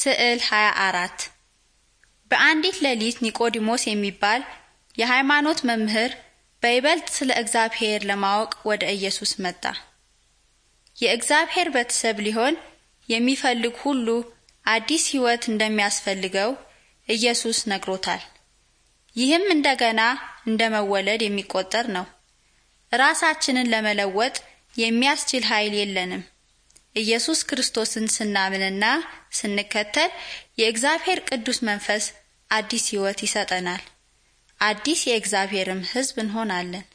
ስዕል 24 በአንዲት ሌሊት ኒቆዲሞስ የሚባል የሃይማኖት መምህር በይበልጥ ስለ እግዚአብሔር ለማወቅ ወደ ኢየሱስ መጣ። የእግዚአብሔር ቤተሰብ ሊሆን የሚፈልግ ሁሉ አዲስ ሕይወት እንደሚያስፈልገው ኢየሱስ ነግሮታል። ይህም እንደገና እንደ መወለድ የሚቆጠር ነው። ራሳችንን ለመለወጥ የሚያስችል ኃይል የለንም። ኢየሱስ ክርስቶስን ስናምንና ስንከተል የእግዚአብሔር ቅዱስ መንፈስ አዲስ ሕይወት ይሰጠናል። አዲስ የእግዚአብሔርም ሕዝብ እንሆናለን።